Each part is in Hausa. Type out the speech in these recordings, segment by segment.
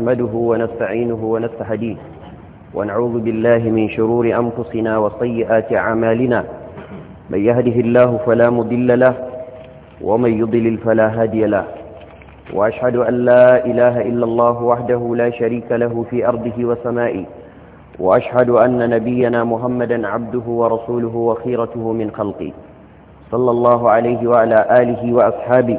نحمده ونستعينه ونستهديه ونعوذ بالله من شرور أنفسنا وسيئات أعمالنا من يهده الله فلا مضل له ومن يضلل فلا هادي له وأشهد أن لا إله إلا الله وحده لا شريك له في أرضه وسمائه وأشهد أن نبينا محمدا عبده ورسوله وخيرته من خلقه صلى الله عليه وعلى آله وأصحابه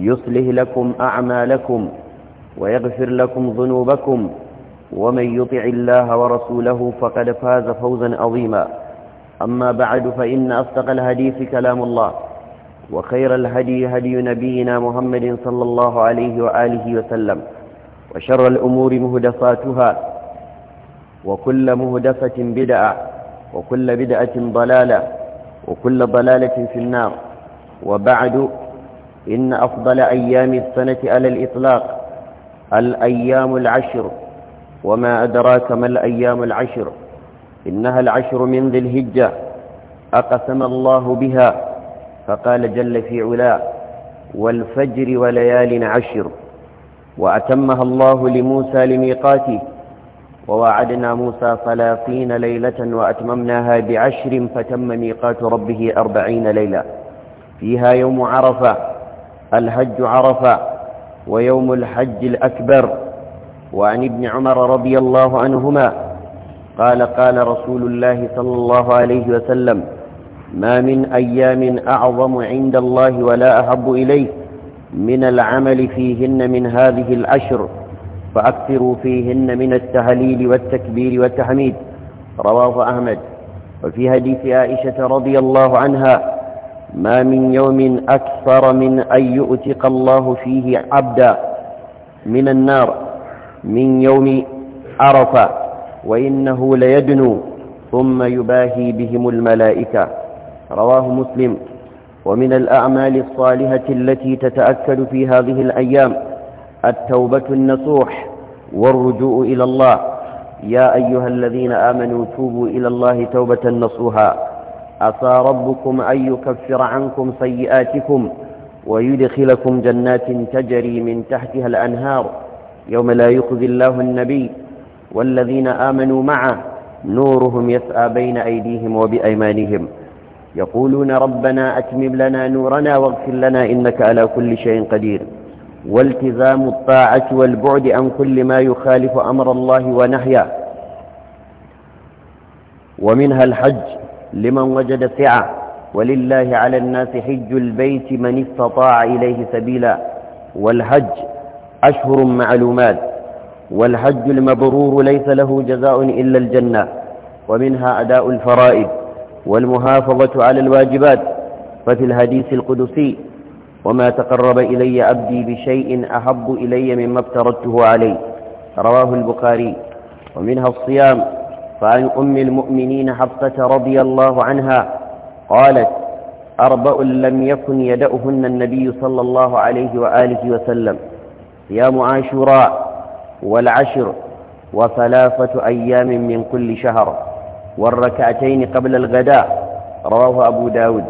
يصلح لكم أعمالكم ويغفر لكم ذنوبكم ومن يطع الله ورسوله فقد فاز فوزا عظيما أما بعد فإن أصدق الحديث كلام الله وخير الهدي هدي نبينا محمد صلى الله عليه وآله وسلم وشر الأمور مهدفاتها وكل مهدفة بدعة وكل بدعة ضلالة وكل ضلالة في النار وبعد إن أفضل أيام السنة على الإطلاق الأيام العشر وما أدراك ما الأيام العشر إنها العشر من ذي الهجة أقسم الله بها فقال جل في علا والفجر وليال عشر وأتمها الله لموسى لميقاته ووعدنا موسى ثلاثين ليلة وأتممناها بعشر فتم ميقات ربه أربعين ليلة فيها يوم عرفة الحج عرفة ويوم الحج الأكبر وعن ابن عمر رضي الله عنهما قال قال رسول الله صلى الله عليه وسلم ما من أيام أعظم عند الله ولا أحب إليه من العمل فيهن من هذه العشر فأكثروا فيهن من التهليل والتكبير والتحميد رواه أحمد وفي حديث عائشة رضي الله عنها ما من يوم أكثر من أن يؤتق الله فيه عبدا من النار من يوم عرفة وإنه ليدنو ثم يباهي بهم الملائكة رواه مسلم ومن الأعمال الصالحة التي تتأكد في هذه الأيام التوبة النصوح والرجوع إلى الله يا أيها الذين آمنوا توبوا إلى الله توبة نصوحا عسى ربكم أن يكفر عنكم سيئاتكم ويدخلكم جنات تجري من تحتها الأنهار يوم لا يخزي الله النبي والذين آمنوا معه نورهم يسعى بين أيديهم وبأيمانهم يقولون ربنا أتمم لنا نورنا واغفر لنا إنك على كل شيء قدير والتزام الطاعة والبعد عن كل ما يخالف أمر الله ونهيه ومنها الحج لمن وجد سعة ولله على الناس حج البيت من استطاع إليه سبيلا والحج أشهر معلومات والحج المبرور ليس له جزاء إلا الجنة ومنها أداء الفرائض والمحافظة على الواجبات ففي الحديث القدسي وما تقرب إلي أبدي بشيء أحب إلي مما افترضته عليه رواه البخاري ومنها الصيام فعن أم المؤمنين حفصة رضي الله عنها قالت أربع لم يكن يدأهن النبي صلى الله عليه وآله وسلم صيام عاشوراء والعشر وثلاثة أيام من كل شهر والركعتين قبل الغداء رواه أبو داود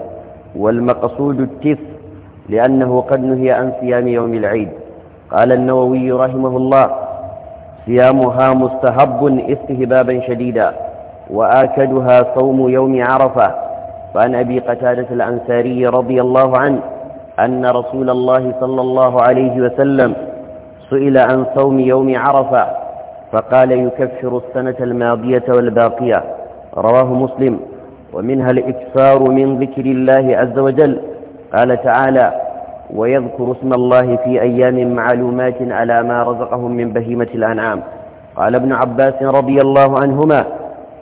والمقصود التف لأنه قد نهي عن صيام يوم العيد قال النووي رحمه الله صيامها مستهب استهبابا شديدا وآكدها صوم يوم عرفة فعن أبي قتادة الأنساري رضي الله عنه أن رسول الله صلى الله عليه وسلم سئل عن صوم يوم عرفة فقال يكفر السنة الماضية والباقية رواه مسلم ومنها الإكثار من ذكر الله عز وجل قال تعالى ويذكر اسم الله في أيام معلومات على ما رزقهم من بهيمة الأنعام قال ابن عباس رضي الله عنهما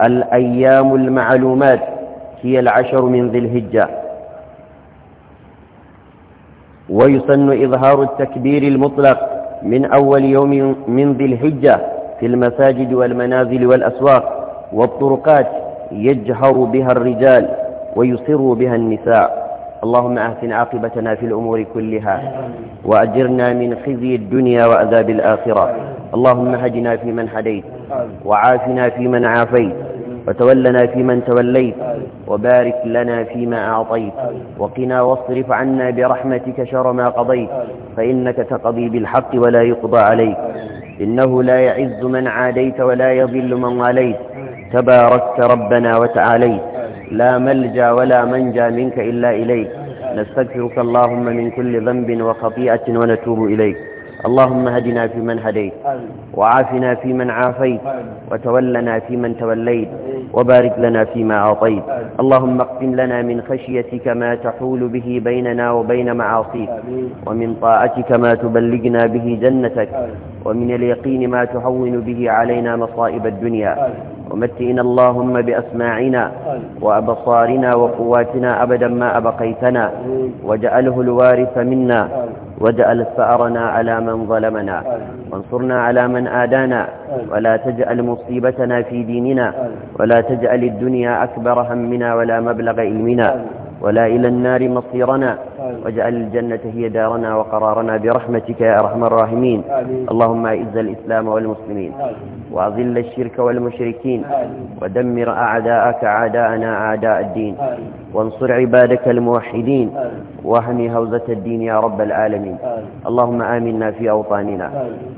الأيام المعلومات هي العشر من ذي الهجة ويسن إظهار التكبير المطلق من أول يوم من ذي الهجة في المساجد والمنازل والأسواق والطرقات يجهر بها الرجال ويصر بها النساء اللهم أهتنا عاقبتنا في الأمور كلها وأجرنا من خزي الدنيا وأذاب الآخرة اللهم هدنا فيمن هديت وعافنا فيمن عافيت وتولنا فيمن توليت وبارك لنا فيما أعطيت وقنا واصرف عنا برحمتك شر ما قضيت فإنك تقضي بالحق ولا يقضى عليك إنه لا يعز من عاديت ولا يضل من واليت تباركت ربنا وتعاليت لا ملجا ولا منجا منك إلا إليك نستغفرك اللهم من كل ذنب وخطيئة ونتوب إليك اللهم هدنا فيمن هديت وعافنا فيمن عافيت وتولنا فيمن توليت وبارك لنا فيما أعطيت اللهم اقسم لنا من خشيتك ما تحول به بيننا وبين معاصيك ومن طاعتك ما تبلغنا به جنتك ومن اليقين ما تهون به علينا مصائب الدنيا ومتئنا اللهم بأسماعنا وأبصارنا وقواتنا أبدا ما أبقيتنا واجعله الوارث منا واجعل ثأرنا على من ظلمنا وانصرنا على من آدانا ولا تجعل مصيبتنا في ديننا ولا تجعل الدنيا أكبر همنا ولا مبلغ علمنا ولا إلى النار مصيرنا واجعل الجنة هي دارنا وقرارنا برحمتك يا أرحم الراحمين اللهم أعز الإسلام والمسلمين وأذل الشرك والمشركين ودمر أعداءك أعداءنا أعداء الدين وانصر عبادك الموحدين واهم هوزة الدين يا رب العالمين اللهم آمنا في أوطاننا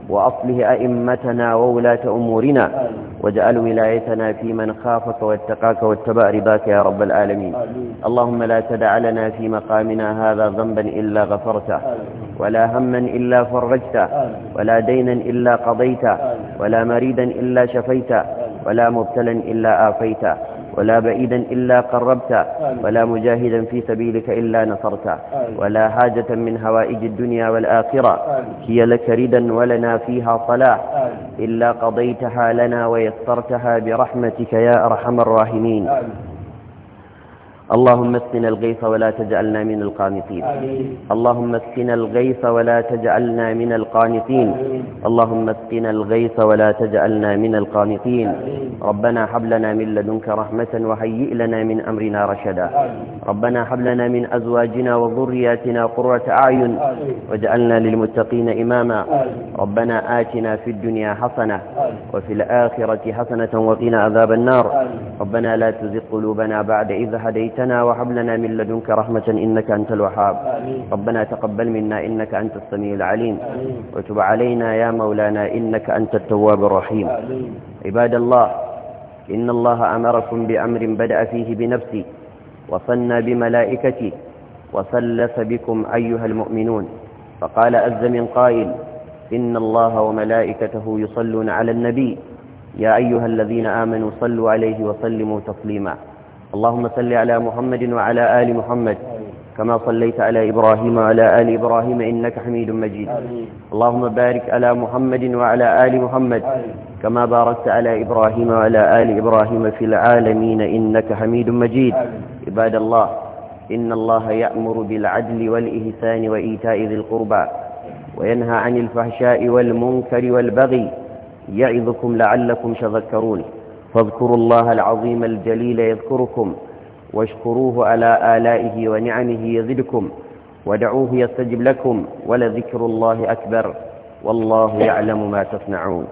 وأصله أئمتنا وولاة أمورنا واجعل ولايتنا في من خافك واتقاك واتبع رضاك يا رب العالمين آمين. اللهم لا تدع لنا في مقامنا هذا ذنبا إلا غفرته آمين. ولا هما إلا فرجته ولا دينا إلا قضيته ولا مريدا إلا شفيته ولا مبتلا إلا آفيته ولا بعيدا إلا قربت ولا مجاهدا في سبيلك إلا نصرت ولا حاجة من هوائج الدنيا والآخرة هي لك ردا ولنا فيها صلاح إلا قضيتها لنا ويسرتها برحمتك يا أرحم الراحمين اللهم اسقنا الغيث ولا تجعلنا من القانطين اللهم اسقنا الغيث ولا تجعلنا من القانطين اللهم اسقنا الغيث ولا تجعلنا من القانطين ربنا هب لنا من لدنك رحمة وهيئ لنا من أمرنا رشدا ربنا هب لنا من أزواجنا وذرياتنا قرة أعين واجعلنا للمتقين إماما ربنا آتنا في الدنيا حسنة وفي الآخرة حسنة وقنا عذاب النار ربنا لا تزغ قلوبنا بعد إذ هديت هديتنا وهب لنا من لدنك رحمة إنك أنت الوهاب ربنا تقبل منا إنك أنت السميع العليم وتب علينا يا مولانا إنك أنت التواب الرحيم عباد الله إن الله أمركم بأمر بدأ فيه بنفسي وصلنا بملائكتي وثلث بكم أيها المؤمنون فقال أز من قائل إن الله وملائكته يصلون على النبي يا أيها الذين آمنوا صلوا عليه وسلموا تسليما اللهم صل على محمد وعلى آل محمد كما صليت على إبراهيم وعلى آل إبراهيم إنك حميد مجيد اللهم بارك على محمد وعلى آل محمد كما باركت على إبراهيم وعلى آل إبراهيم في العالمين إنك حميد مجيد عباد الله إن الله يأمر بالعدل والإحسان وإيتاء ذي القربى وينهى عن الفحشاء والمنكر والبغي يعظكم لعلكم تذكرون فاذكروا الله العظيم الجليل يذكركم واشكروه على آلائه ونعمه يزدكم ودعوه يستجب لكم ولذكر الله أكبر والله يعلم ما تصنعون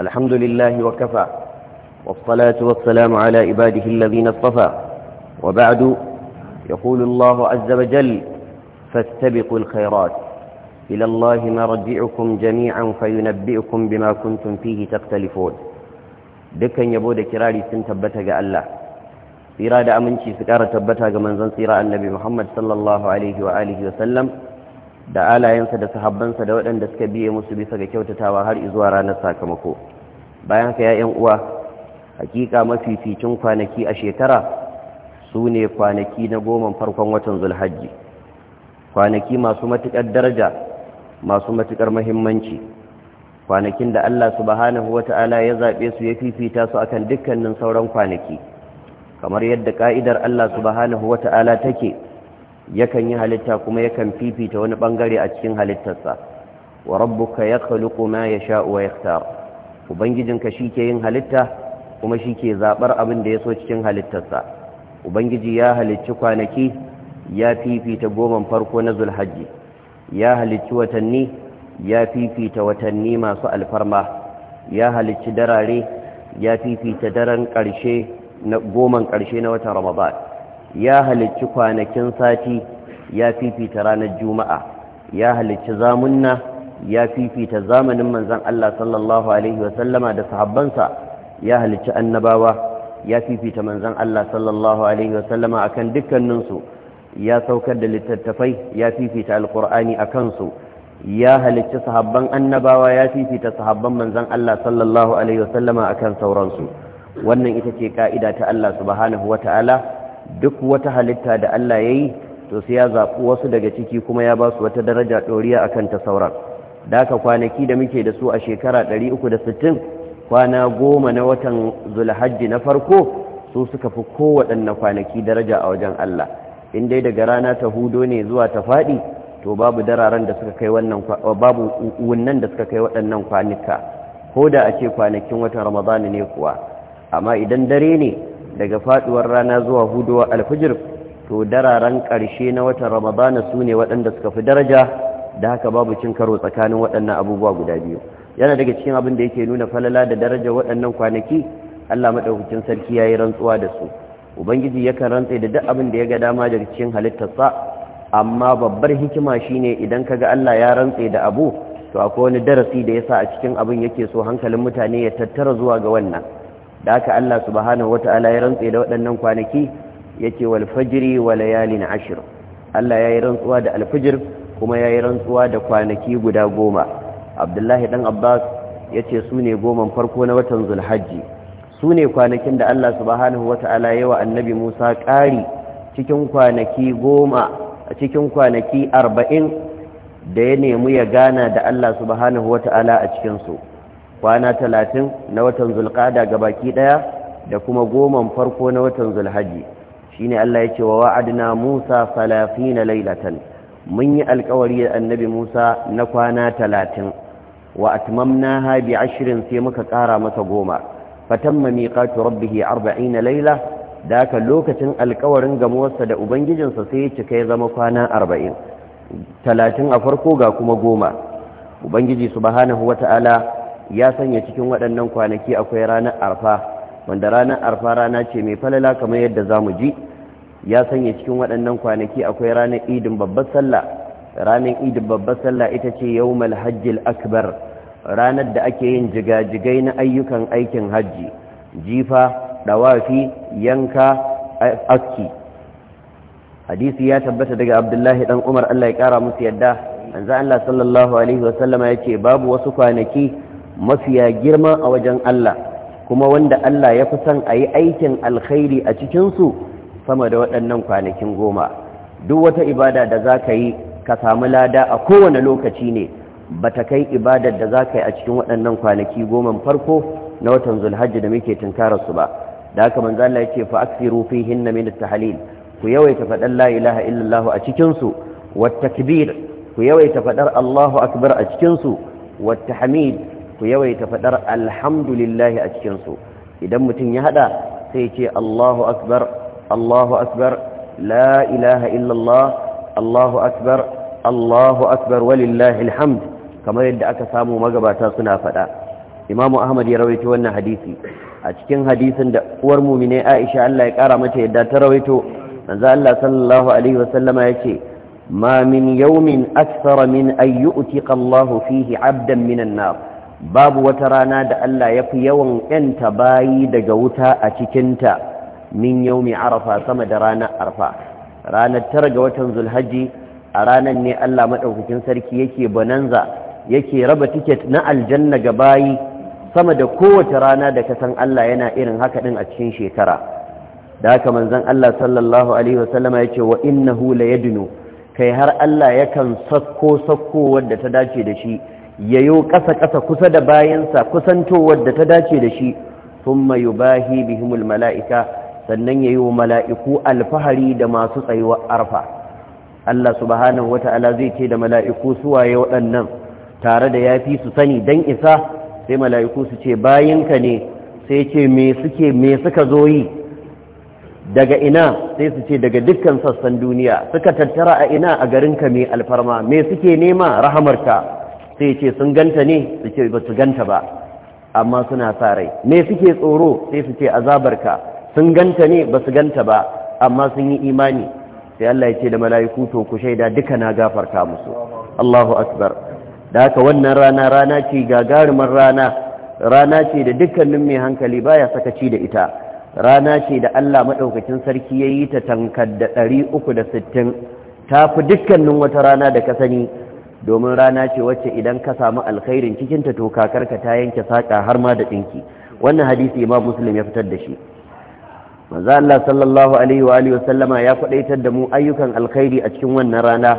الحمد لله وكفى والصلاة والسلام على عباده الذين اصطفى وبعد يقول الله عز وجل فاستبقوا الخيرات إلى الله مرجعكم جميعا فينبئكم بما كنتم فيه تختلفون Dukkan yabo da kirari sun tabbata ga Allah tsira da aminci su ƙara tabbata ga manzon tsira annabi Muhammad sallallahu alaihi wa alihi wa sallam da alayensa da sahabbansa da waɗanda suka biye musu bisa ga kyautatawa har zuwa ranar sakamako bayan haka 'ya'yan uwa hakika mafificin kwanaki a shekara su ne kwanaki na goma farkon watan zulhajji kwanaki masu matuƙar daraja masu matuƙar mahimmanci kwanakin da Allah subhanahu wata'ala ya zaɓe su ya fifita su akan dukkanin sauran kwanaki kamar yadda ƙa'idar Allah subhanahu wata'ala take yakan yi halitta kuma yakan fifita wani ɓangare a cikin halittarsa wa rabbuka kaluku ma yasha'u wa yakhtar ubangijinka shi ke yin halitta kuma shike zaɓar abin da ya so cikin halittarsa ubangiji ya halicci kwanaki ya fifita goman farko na zulhajji ya halicci watanni ya fifita watanni masu alfarma ya halicci darare ya fifita daren ƙarshe na goman ƙarshe na watan ramadan ya halicci kwanakin sati ya fifita ranar juma'a ya halicci zamunna ya fifita zamanin manzon Allah sallallahu alaihi wasallama da sahabbansa ya halicci annabawa ya fifita manzon Allah sallallahu alaihi wasallama akan dukkaninsu ya saukar da littattafai ya fifita alkur'ani a kansu ya halicci sahabban annabawa ya fifita sahabban manzan Allah sallallahu alaihi wasallama akan sauransu wannan ita ce ka'ida ta Allah subhanahu wata'ala duk wata halitta da Allah yi to sai ya zaɓi wasu daga ciki kuma ya ba su wata daraja ɗoriya akan ta sauran da haka kwanaki da muke da su a shekara 360 kwana goma na watan zulhajji na farko su suka fi kowaɗanne kwanaki daraja a wajen Allah in dai daga rana ta hudo ne zuwa ta faɗi to babu dararen da suka kai wannan eh, babu wannan da suka kai waɗannan kwanuka ko da a ce kwanakin watan ramadana ne kuwa amma idan dare ne daga faɗuwar rana zuwa hudo alfijir to dararen ƙarshe na watan ramadana su ne waɗanda suka fi daraja da haka babu cin karo tsakanin waɗannan abubuwa guda biyu yana daga cikin abin da yake nuna falala da daraja waɗannan kwanaki Allah maɗaukacin sarki ya yi rantsuwa da su ubangiji yakan rantse da duk abin da ya ga dama daga cikin halittarsa amma babbar hikima shine idan kaga Allah ya rantse da abu to akwai wani darasi da yasa a cikin abin yake so hankalin mutane ya tattara zuwa ga wannan da haka Allah subhanahu wataala ya rantse da waɗannan kwanaki yake wal fajri wa layalin ashr Allah yayi rantsuwa da alfijir kuma yayi rantsuwa da kwanaki guda goma Abdullahi dan Abbas yace sune goman farko na watan Zulhajji su ne kwanakin da Allah subhanahu wa ya wa annabi Musa ƙari cikin kwanaki goma a cikin kwanaki arba'in da ya nemi ya gana da Allah subhanahu wa ta'ala a cikinsu kwana talatin na watan zulƙada ga baki ɗaya da kuma goman farko na watan zulhaji shi ne Allah ya ce wa wa'adina Musa salafi na lailatan mun yi alkawari da annabi Musa na kwana talatin wa atmamna ha bi ashirin sai muka ƙara masa goma fatamma miqatu rabbih 40 layla da haka lokacin alƙawarin gamuwarsa da ubangijinsa sai ya cika ya zama kwana 40 talatin a farko ga kuma goma ubangiji subhanahu wata'ala ya sanya cikin waɗannan kwanaki akwai ranar arfa wanda ranar arfa rana ce mai falala kamar yadda zamu ji ya sanya cikin waɗannan kwanaki akwai ranar idin babbar sallah ranar idin babbar sallah ita ce yawmal hajjil akbar ranar da ake yin jigajigai na ayyukan aikin hajji jifa dawafi yanka aski hadisi ya tabbata daga abdullahi dan umar Allah ya kara musu yadda anza Allah sallallahu alaihi wasallama ce babu wasu kwanaki mafiya girma a wajen Allah kuma wanda Allah ya fi son ayi aikin alkhairi a cikin su sama da waɗannan kwanakin goma duk wata ibada da zaka yi ka samu lada a kowane lokaci ne bata kai ibadar da za ka yi a cikin waɗannan kwanaki goman farko na watan zulhajji da muke su ba da haka manzo Allah ce fa aksiru hinna min tahlil ku yawaita fadar la ilaha illallah a cikin su wat takbir ku yawaita fadar Allahu akbar a cikin su wat tahmid ku yawaita fadar alhamdulillah a cikin su idan mutum ya hada sai ce Allahu akbar Allahu akbar la ilaha illallah Allahu akbar Allahu akbar walillahi alhamd kamar yadda aka samu magabata suna faɗa imamu ahmad ya rawaito wannan hadisi a cikin hadisin da uwar mumine aisha Allah ya kara mata yadda ta rawaito manzo Allah sallallahu alaihi wasallama yace ma min yawmin akthara min ay yu'tiqa Allah fihi 'abdan minan nar babu wata rana da Allah yafi yawan yanta bayi daga wuta a cikin ta min yawmi arafa sama da ranar arfa ranar tara ga watan zulhajji a ranar ne Allah madaukakin sarki yake bonanza yake raba tiket na aljanna ga bayi sama da kowace rana da kasan Allah yana irin haka din a cikin shekara da haka manzon Allah sallallahu alaihi wasallama yace wa innahu layadnu kai har Allah yakan sakko sakko wadda ta dace da shi yayo ƙasa kasa kusa da bayansa kusantowar da ta dace da shi thumma yubahi bihimul mala'ika sannan yayi mala'iku alfahari da masu tsayuwar arfa Allah subhanahu wata'ala zai ce da mala'iku suwaye waɗannan tare da ya fi su sani don isa sai mala'iku su ce bayinka ne sai ce me suke me suka zo yi daga ina sai su ce daga dukkan sassan duniya suka tattara a ina a garinka mai alfarma me suke nema rahamarka sai ce sun ganta ne su ce ba su ganta ba amma suna sa rai me suke tsoro sai su ce azabarka sun ganta ne ba su ganta ba amma sun yi imani sai Allah ya ce da mala'iku to ku shaida duka na gafarta musu Allahu akbar da haka wannan rana rana ce gagarumin rana rana ce da dukkanin mai hankali baya sakaci da ita rana ce da Allah maɗaukacin sarki ya yi ta tankar da ɗari uku da sittin ta fi dukkanin wata rana da ka sani domin rana ce wacce idan ka samu alkhairin cikinta to kakarka ta yanke saƙa har ma da ɗinki wannan hadisi imam muslim ya fitar da shi manzo Allah sallallahu alaihi wa alihi ya faɗaitar da mu ayyukan alkhairi a cikin wannan rana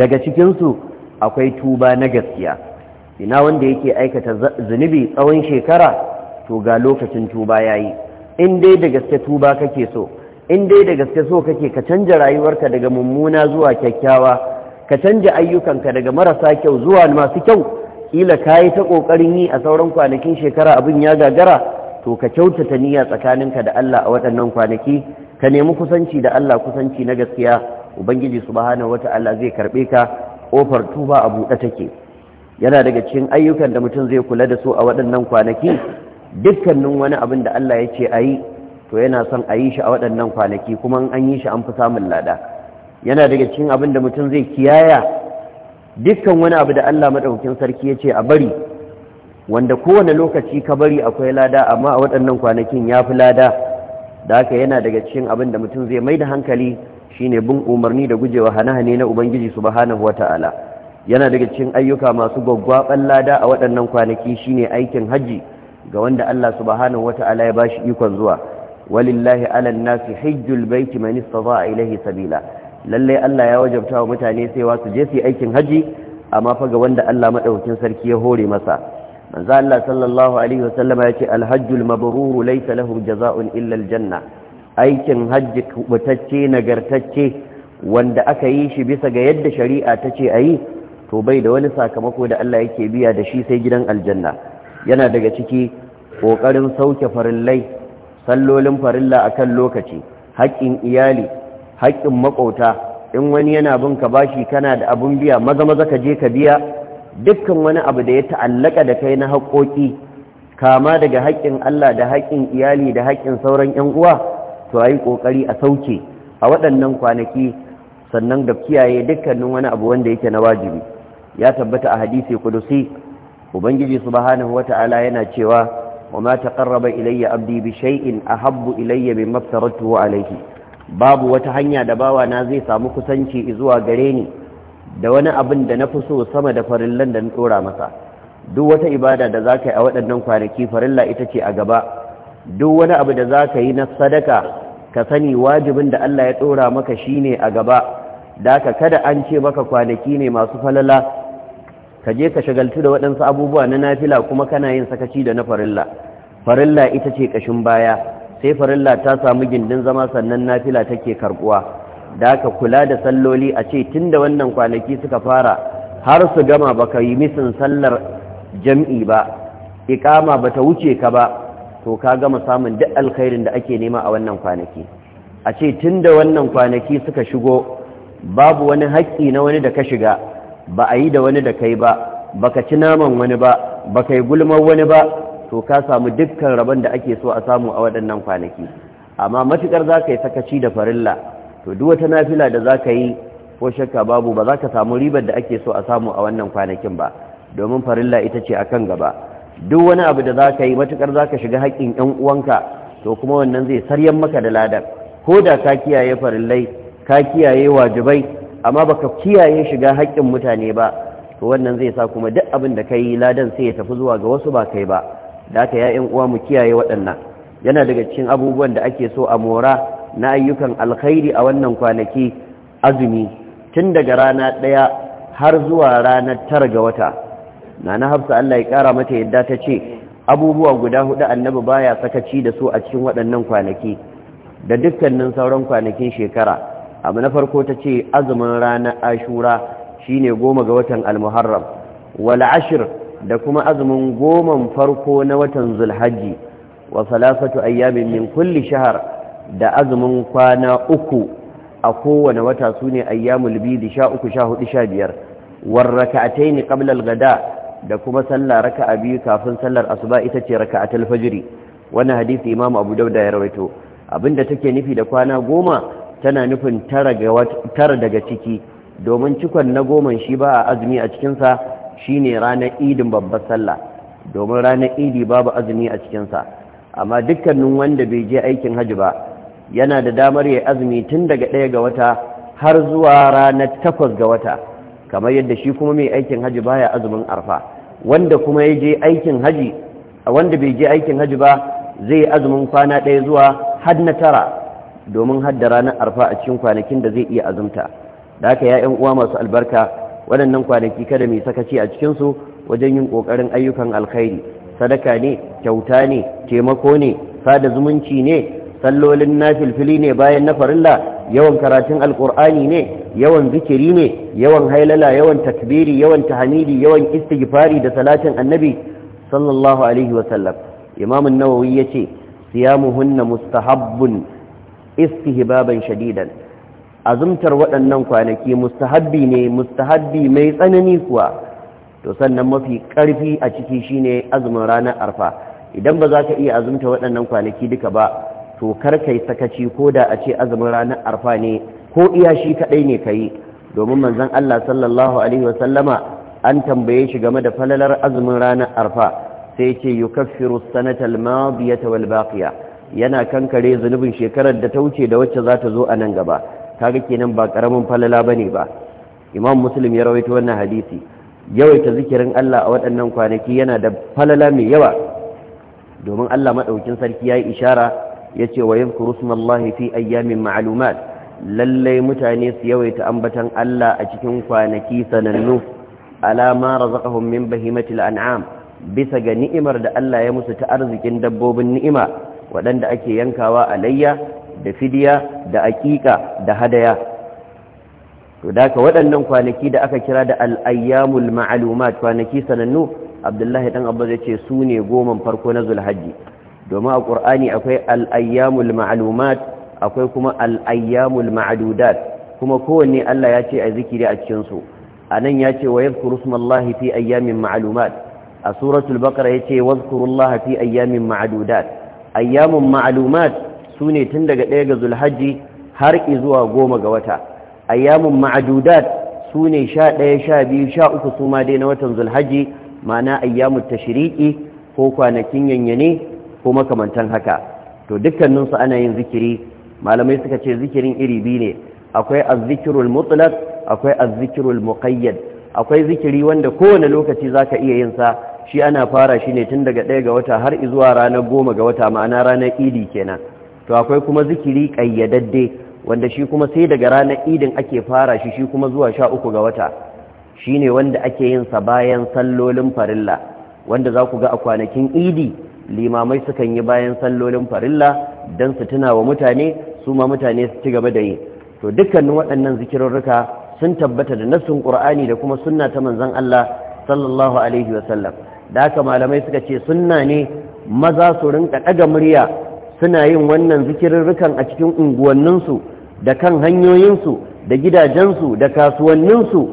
daga cikinsu. akwai tuba na gaskiya ina wanda yake aikata zunubi tsawon shekara to ga lokacin tuba yayi in dai da gaske tuba kake so in dai da gaske so kake ka canja rayuwarka daga mummuna zuwa kyakkyawa ka canja ayyukanka daga marasa kyau zuwa masu kyau kila kayi ta kokarin yi a sauran kwanakin shekara abin ya gagara to ka kyautata niyya tsakaninka da Allah a waɗannan kwanaki ka nemi kusanci da Allah kusanci na gaskiya ubangiji subhanahu wata'ala zai karbe ka kofar tuba a buɗe take yana daga cikin ayyukan da mutum zai kula da su a waɗannan kwanaki dukkanin wani abin da Allah ya ce a yi to yana son a yi shi a waɗannan kwanaki kuma an yi shi an fi samun lada yana daga cikin abin da mutum zai kiyaya dukkan wani abu da Allah maɗaukin sarki ya ce a bari wanda kowane lokaci ka bari akwai lada amma a waɗannan kwanakin ya fi lada da haka yana daga cikin abin da mutum zai mai da hankali shine bin umarni da gujewa hane-hane na ubangiji subhanahu wata'ala yana daga cikin ayyuka masu gwaggwaban lada a waɗannan kwanaki shine aikin haji ga wanda Allah subhanahu wata'ala ya bashi ikon zuwa walillahi ala nasi hajjul baiti man istata'a ilayhi sabila lalle Allah ya wajabta wa mutane sai su je su aikin haji amma fa ga wanda Allah madaukakin sarki ya hore masa manzo Allah sallallahu alaihi wasallam ya ce alhajjul mabrur laysa lahu jazaa'un illa aljanna aikin hajji kubutacce nagartacce wanda aka yi shi bisa ga yadda shari'a ta ce a yi to bai da wani sakamako da Allah yake biya da shi sai gidan aljanna yana daga ciki ƙoƙarin sauke farillai sallolin farilla a kan lokaci haƙƙin iyali haƙƙin maƙota in wani yana bin ka bashi kana da abun biya maza maza ka je ka biya dukkan wani abu da ya ta'allaka da kai na haƙoƙi kama daga haƙƙin Allah da haƙƙin iyali da haƙƙin sauran 'yan uwa to a yi ƙoƙari a sauke a waɗannan kwanaki sannan da kiyaye dukkanin wani abu wanda yake na wajibi ya tabbata a hadisi kudusi ubangiji subhanahu wata'ala yana cewa wa ma taqarraba ilayya abdi bi shay'in ahabbu ilayya mimma aftaratuhu alayhi babu wata hanya da bawa na zai samu kusanci zuwa gare ni da wani abin da na fi so sama da farillan da na dora masa duk wata ibada da zaka yi a waɗannan kwanaki farilla ita ce a gaba duk wani abu da zaka yi na sadaka ka sani wajibin da Allah ya ɗora maka shine a gaba da ka kada an ce maka kwanaki ne masu falala ka je ka shagaltu da waɗansu abubuwa na nafila kuma kana yin sakaci da na farilla farilla ita ce ƙashin baya sai farilla ta samu gindin zama sannan nafila take karɓuwa da ka kula da salloli a ce tun da wannan kwanaki suka fara har su gama baka yi misin sallar jam'i ba iƙama ta wuce ka ba to ka gama samun duk alkhairin da ake nema a wannan kwanaki a ce tun da wannan kwanaki suka shigo babu wani haƙƙi na wani da ka shiga ba a yi da wani da kai ba baka ci naman wani ba baka yi gulmar wani ba to ka samu dukkan rabon da ake so a samu a waɗannan kwanaki amma matuƙar za ka yi sakaci da farilla to duk wata nafila da za ka yi ko shakka babu ba za ka samu ribar da ake so a samu a wannan kwanakin ba domin farilla ita ce akan gaba duk wani abu da za ka yi matukar za ka shiga haƙƙin 'yan uwanka to kuma wannan zai saryan maka da ladar ko da ka kiyaye farillai ka kiyaye wajibai amma ba ka kiyaye shiga haƙƙin mutane ba to wannan zai sa kuma duk abin da ka yi ladan sai ya tafi zuwa ga wasu ba kai ba da ka ya yan uwa mu kiyaye waɗannan yana daga cikin abubuwan da ake so a mora na ayyukan alkhairi a wannan kwanaki azumi tun daga rana ɗaya har zuwa ranar tara ga wata nana hafsa Allah ya kara mata yadda ta ce abubuwa guda hudu annabi baya sakaci da su a cikin waɗannan kwanaki da dukkanin sauran kwanakin shekara abu na farko ta ce azumin ranar ashura shine goma ga watan almuharram wal ashir da kuma azumin goman farko na watan zulhajji wa salasatu ayyamin min kulli shahar da azumin kwana uku a kowane wata sune ayyamul bidi sha uku sha hudu sha biyar warraka'ataini qabla al-ghada da kuma sallah raka'a biyu kafin sallar asuba ita ce raka raka'atul fajri wannan hadisi imamu abu dauda ya rawaito abinda take nufi da kwana goma tana nufin tara daga ciki domin cikon na goman shi ba a azumi a cikinsa shine ranar idin babbar sallah domin ranar idi babu azumi a cikinsa amma dukkanin wanda bai je aikin hajji ba yana da damar ya azumi tun daga ɗaya ga wata har zuwa ranar takwas ga wata kamar yadda shi kuma mai aikin hajji baya azumin arfa wanda kuma ya je aikin haji wanda bai je aikin haji ba zai yi azumin kwana ɗaya zuwa had na tara domin hadda ranar arfa a cikin kwanakin da zai iya azumta da haka ya uwa masu albarka waɗannan kwanaki kada mai sakaci a cikinsu wajen yin ƙoƙarin ayyukan alkhairi sadaka ne kyauta ne taimako ne sada zumunci ne sallolin na filfili ne bayan na farilla yawan karatun alkur'ani ne yawan zikiri ne yawan hailala yawan takbiri yawan tahamidi yawan istighfari da salatin annabi sallallahu alaihi wasallam imam an-nawawi yace siyamuhunna mustahabbun istihbaban shadidan azumtar waɗannan kwanaki mustahabbi ne mustahabbi mai tsanani kuwa to sannan mafi ƙarfi a ciki shine azumin ranar arfa idan ba za ka iya azumta waɗannan kwanaki duka ba to kar kai sakaci ko da a ce azumin ranar arfa ne ko iya shi kadai ne kai domin manzon Allah sallallahu alaihi wasallama an tambaye shi game da falalar azumin ranar arfa sai ce yukaffiru sanata al-madiyata wal baqiya yana kankare zunubin shekarar da ta wuce da wacce za ta zo a nan gaba kaga kenan ba karamin falala bane ba imam muslim ya rawaito wannan hadisi yawaita zikirin Allah a waɗannan kwanaki yana da falala mai yawa domin Allah maɗaukin sarki ya yi ishara yace wa yadhkuru smallahi fi ayyamin ma'lumat lallai mutane su yawaita ambatan Allah a cikin kwanaki sanannu alama razaqahum min bahimatil an'am bisa ga ni'imar da Allah ya musu ta arzikin dabbobin ni'ima waɗanda ake yankawa alayya da fidiya da aƙiƙa da hadaya to daka waɗannan kwanaki da aka kira da al-ayyamul ma'lumat kwanaki sanannu Abdullahi dan Abbas yace su ne goman farko na Zulhajji domin a ƙur'ani akwai al'ayyamul ma'alumat akwai kuma al'ayyamul ma'adudat kuma kowanne Allah ya ce a zikiri a cikinsu a nan ya ce wa ya zukuru fi ayyamin ma'alumat a suratul bakar ya ce wa zukurullaha fi ayyamin ma'adudat ayyamun ma'alumat su ne tun daga ɗaya ga zulhaji har zuwa goma ga wata ayyamun ma'adudat su ne sha ɗaya sha biyu sha uku su ma dai na watan zulhaji ma'ana ayyamun tashiriki ko kwanakin yanyane ko makamantan haka to dukkaninsu ana yin zikiri malamai suka ce zikirin iri biyu ne akwai azzikirul mutlaq akwai azzikirul muqayyad akwai zikiri wanda kowane lokaci zaka iya yin sa shi ana fara shi ne tun daga ɗaya ga wata har zuwa ranar goma ga wata ma'ana ranar idi kenan to akwai kuma zikiri ƙayyadadde wanda shi kuma sai daga ranar idin ake fara shi shi kuma zuwa sha uku ga wata shine wanda ake yin sa bayan sallolin farilla wanda za ku ga a kwanakin idi limamai sukan yi bayan sallolin farilla don su tuna wa mutane su ma mutane su ci gaba da yi to dukkanin waɗannan zikirarruka sun tabbata da nassun ƙur'ani da kuma sunna ta manzon Allah sallallahu alaihi wasallam da haka malamai suka ce sunna ne maza su rinka daga murya suna yin wannan zikirarrukan a cikin unguwanninsu da kan hanyoyinsu da gidajensu da kasuwanninsu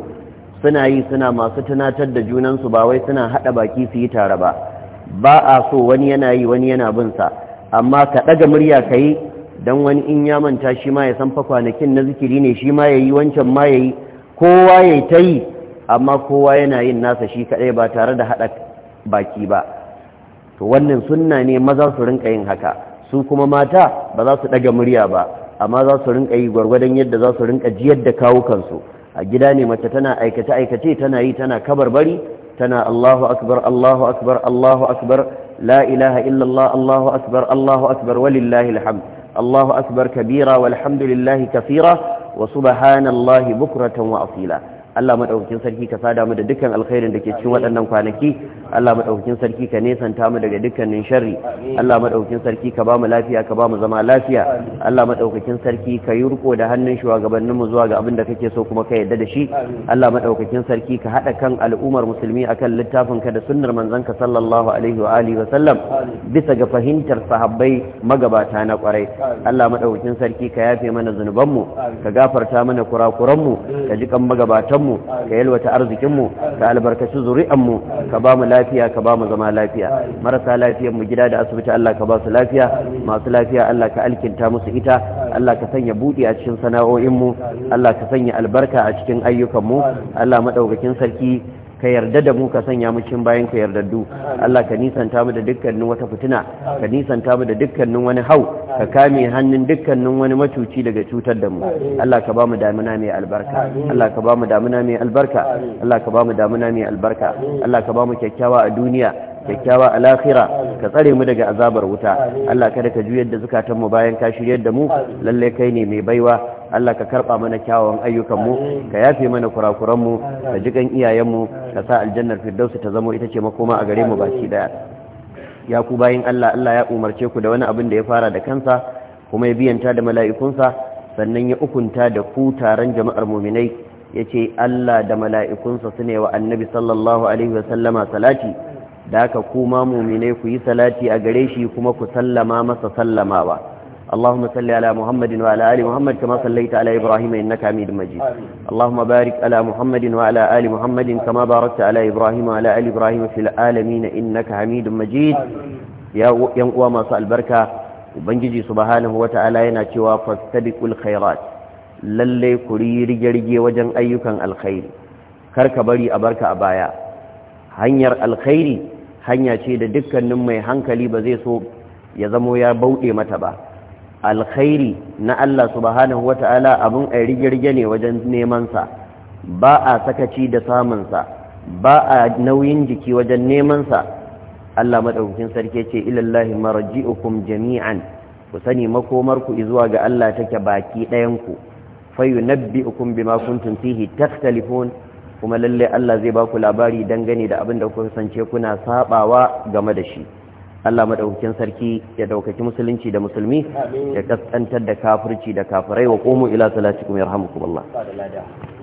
suna yi suna masu tunatar da junansu ba wai suna haɗa baki su yi tare ba ba a so wani yana yi wani yana bin sa amma ka ɗaga murya kai dan wani in ya manta shi ma ya san fa kwanakin na zikiri ne shi ma yayi wancan ma yayi kowa yayi ta yi amma kowa yana yin nasa shi kaɗai ba tare da haɗa baki ba to wannan sunna ne maza su rinka yin haka su kuma mata ba za su daga murya ba amma za su rinka yi gwargwadon yadda za su rinka ji yadda kawo kansu a gida ne mace tana aikace aikace tana yi tana kabarbari tana Allahu akbar Allahu akbar Allahu akbar la ilaha illallah Allahu akbar Allahu akbar walillahi alhamd Allahu akbar kabira walhamdulillahi kathira wa subhanallahi bukratan wa asila Allah madaukakin sarki ka sada mu da dukkan alkhairin da ke cikin waɗannan kwanaki Allah madaukakin sarki ka nesanta mu daga dukkanin sharri Allah madaukakin sarki ka ba mu lafiya ka ba mu zama lafiya Allah madaukakin sarki ka yi riko da hannun shugabannin mu zuwa ga abin da kake so kuma ka yadda da shi Allah madaukakin sarki ka hada kan al'ummar musulmi akan littafin ka da sunnar Manzanka, ka sallallahu alaihi wa alihi wa sallam bisa ga fahimtar sahabbai magabata na kwarai Allah madaukakin sarki ka yafe mana zunuban mu ka gafarta mana kurakuran mu ka ji kan magabatan mu ka yalwata arzikin mu ka albarkaci zuri'an mu ka ba mu lafiya ka ba mu zama lafiya marasa lafiyar mu gida da asibiti Allah ka ba su lafiya masu lafiya Allah ka alkinta musu ita Allah ka sanya buɗe a cikin sana'o'in mu Allah ka sanya albarka a cikin ayyukan mu Allah madaukakin sarki ka yarda da mu ka sanya mu cikin bayan ka yardaddu Allah ka nisanta mu da dukkanin wata fitina ka nisanta mu da dukkanin wani hau ka kame hannun dukkanin wani macuci daga cutar da mu Allah ka ba mu damuna mai albarka Allah ka ba mu damuna mai albarka Allah ka ba mu damuna mai albarka Allah ka ba mu kyakkyawa a duniya kyakkyawa a lahira ka tsare mu daga azabar wuta Allah kada ka juyar da zukatan mu bayan ka shiryar da mu lalle kai ne mai baiwa Allah ka karba mana kyawawan ayyukanmu ka yafe mana kurakuranmu ka ji kan iyayenmu ka sa aljannar firdausi ta zamo ita ce makoma a gare mu baki daya ya ku bayin Allah Allah ya umarce ku da wani abin da ya fara da kansa kuma ya biyanta da mala'ikunsa sannan ya ukunta da ku taron jama'ar muminai yace Allah da mala'ikunsa sune wa annabi sallallahu alaihi wa sallama salati da haka kuma muminai ku yi salati a gare shi kuma ku sallama masa sallamawa اللهم صل على محمد وعلى آل محمد كما صليت على إبراهيم إنك حميد مجيد اللهم بارك على محمد وعلى آل محمد كما باركت على إبراهيم وعلى آل إبراهيم في العالمين إنك حميد مجيد يا ينقوى ما سأل بركة وبنجي سبحانه وتعالى يناتوا فاستبقوا الخيرات للي كري رجي رجي وجن أيكا الخير كرك بري أبرك أبايا hanyar alkhairi hanya ce da dukkanin mai hankali ba zai so ya zamo ya bauɗe mata ba alkhairi na Allah subhanahu wata'ala abun a rigirge ne wajen nemansa ba a sakaci da samunsa ba a nauyin jiki wajen nemansa Allah maɗaukakin sarki ce ilallahi marji'ukum jami'an ku sani makomarku zuwa ga Allah take baki ɗayanku fayunabbi'ukum bima kuntum fihi takhtalifun kuma lalle Allah zai ba ku labari dangane da abin da kuka kasance kuna sabawa game da shi Allah madaukakin sarki ya daukaki musulunci da musulmi ya kaskantar da kafirci da kafirai wa qumu ila salatikum yarhamukumullah